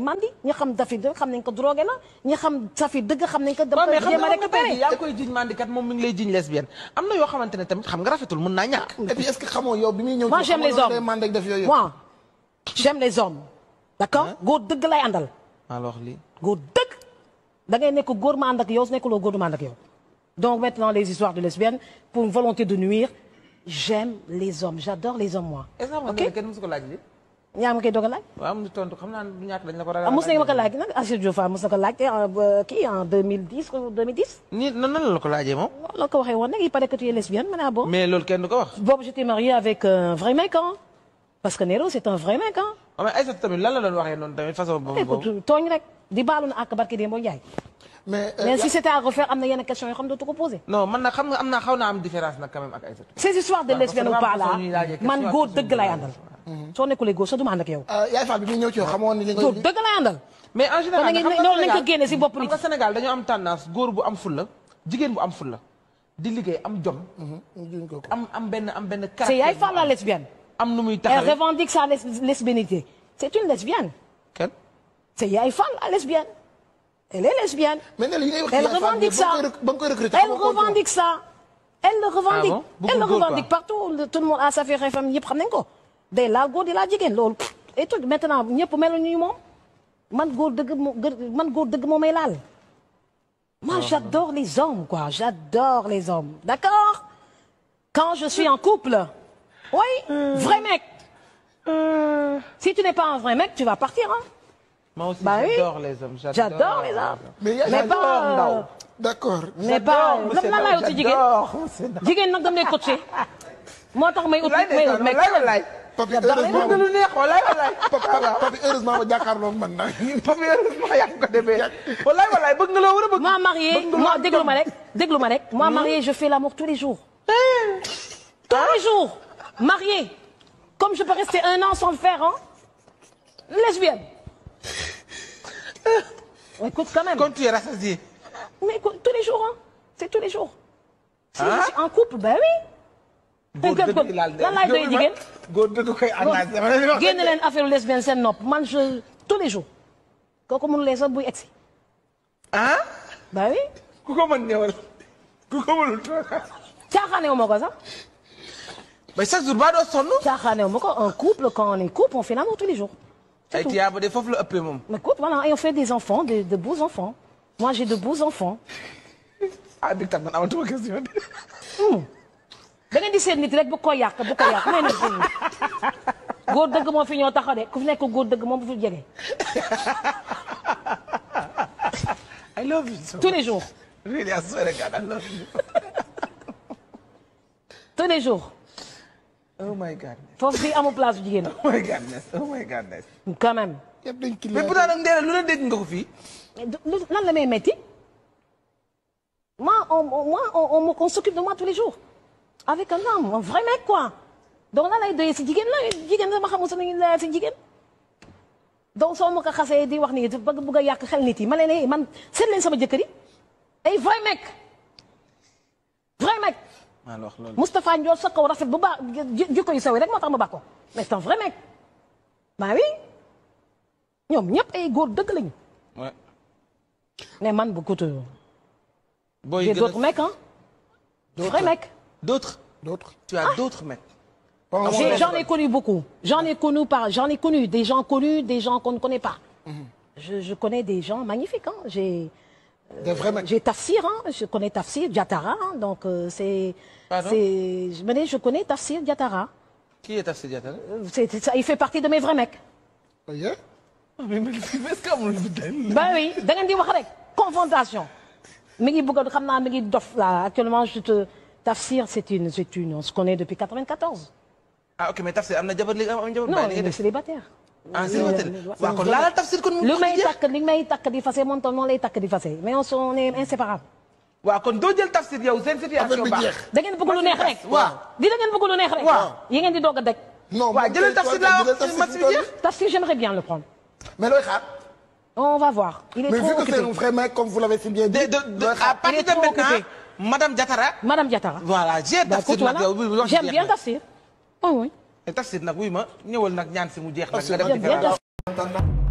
man di ñi xam dafit xam nañ ko drogué la ñi xam xam nañ ko a récupéré yaa ngi moom mi ngi lay jiñ lesbienne am na yoo xamante ne tamit xam nga rafetul mën naa ñàkk et puis est-ce que xamoo yow bi muy ñëw les hommes d'accord góor dëgg lay àndal alors lii góor dëgg da ngay nekk góor ma ànd ak yow su nekkuloo góor du ma ànd ak yow donc maintenant les histoires de lesbiennes pour une volonté de nuire j'aime les hommes j'adore les hommes moi ñaam ma koy doog a laaj. waaw am na tontu xam naa du ñàkk dañ la ko ah, laaj nag Achille ah, eh, euh, kii en 2010 ou 2010. nii nan moom. loolu la waxee woon nag il paraît que tu es lesbienne ma ne ah mais loolu kenn du ko wax. boobu j'étais mariée avec vrai mec parce que Nero c'est un vrai mec ah. mais Aïssatou tamit lan tooñ rek di baalu na ak barki Demba Ndiaye. mais euh, si c'était à refaire am na yenn question yoo xam ne dootu ko posé. non am naa xaw naa am différence nag quand même ak de lesbienne ou pas Mm-hmm. soo nekkulee góor sax du ma ànd ak yow. Ah, yaay Fall bi muy ñëw ci yow xamoon ni li nga. dëgg laa àndal. mais en général xam nga génne si bopp nit. xam am tendance góor bu am fulla jigéen bu am fulla di liggéey am jom. Mm-hmm. am benn am benn caractère. c'est yaay Fall la lesbienne. am nu muy sa la lesbienne. elle est lesbienne. mais ne la a revendique ça ba nga koy recruter elle revendique ça. elle le ah revendique. elle le xam nañ ko. day la góor di laal jigéen loolu étude maintenant ñëpp melu ñu man góor dëgg moo man dëgg moo may laal. moi j'adore les hommes quoi j'adore les hommes d'accord quand je suis en couple. oui vrai mec. si tu n'es pas un vrai mec tu vas partir hein. moi aussi j'adore les hommes mais pas d'accord. mais pas lan la laayoo ci jigéen jigéen nag dama lay coacher moo tax may ut may ut papi heureusement ndax lu neex walaay walaay. papi heureusement ma jàkkaarloo man nag. papi heureusement yaa ngi ko demee. walaay walaay bëgg nga la war a bëgg. moi mariée moi déglu ma rek déglu ma rek. moi hmm? mariée je fais l'amour tous les jours. Eh. tous les jours mariée comme je peux rester un an sans le faire hein lesbienne. Eh. écoute quand même. quand tu es rassasiée. mais écoute tous les jours hein c'est tous les jours. ah si je suis en couple ben oui. góor dëgg laal lan laay doy jigéen góor dëgg koy engagé. génn leen affaire lesbienne seen nopp man je tous les jours kooku mënulee sax buy egg si. ah. ba oui. ku ko mën ñëwal ku ko mënul toogal. caaxaanewu ma ko sax. mais chaque ba doo sonn. caaxaanewu ma ko un couple quand on est couple on fait l'amour tous les jours. c'est tout ay tiyaaba de foofu la ëppee moom. mais écoute voilà et on fait des de de beaux enfants moi j'ai de beaux ah, man amatuma da ngeen di seet nit rek bu ko yàq bu ko yàq may na seen góor dëgg moo fi ñoo taxaw de ku nekk góor dëgg moom I tous les jours. I swear to God I love tous les jours. oh my God. foofu fii jigéen. oh my godness oh my godness. quand même. yëpp dañ la dégg nga ko fii. lan la may on s'occupe de moi tous les jours. avec un homme vraiment quoi donc lan lay doyee si jigéen la jigéen dama xamul sax nañu la si jigéen dow soo ma ko xasee di wax nii ba bëgg a yàq xel nit yi ma leen man seet leen sama jëkkër yi ay vrai mec vrai mec Moustapha Ndiol sa kaw rafet bu baax jikko yu sawee rek moo tax ma baax ko mais c'est vrai mec bah oui ñoom ñëpp ay góor dëgg lañu mais man bu gudd. booy gën a D'autres D'autres. Tu as ah. d'autres maîtres. J'en ai connu beaucoup. J'en ai connu par, j'en ai connu des gens connus, des gens qu'on ne connaît pas. Mm -hmm. je, je, connais des gens magnifiques. Hein. J'ai euh, j'ai Tafsir, hein. je connais Tafsir, Diatara. Hein. Donc euh, c'est, je me dis, je connais Tafsir Diatara. Qui est Tafsir Diatara euh, ça, Il fait partie de mes vrais mecs. Yeah. ben oui, confrontation. Mais il actuellement je te Tafsir c'est une c'est une on depuis 94. ah ok non célibataire. ah célibataire waaw kon Tafsir kon. lu may takk li may takk di fase moom tam moom on est inséparables. waaw kon doo jël Tafsir yow seen situation di da ngeen bëgg lu neex rek. waaw yi ngeen a daj. non waaw Tafsir j'aimerais bien le prendre. mais looy xaar. on va voir. il est trop occupé mais vu que comme vous l'avez si bien dit. de de à partir de maintenant madame Diatara. madame Diatara voilà j'ai tafsir nag yow. bu j'aime bien tafsir. oui oui. tafsir nag wuy ma ñëwal nag ñaan si mu jeex nag nga dem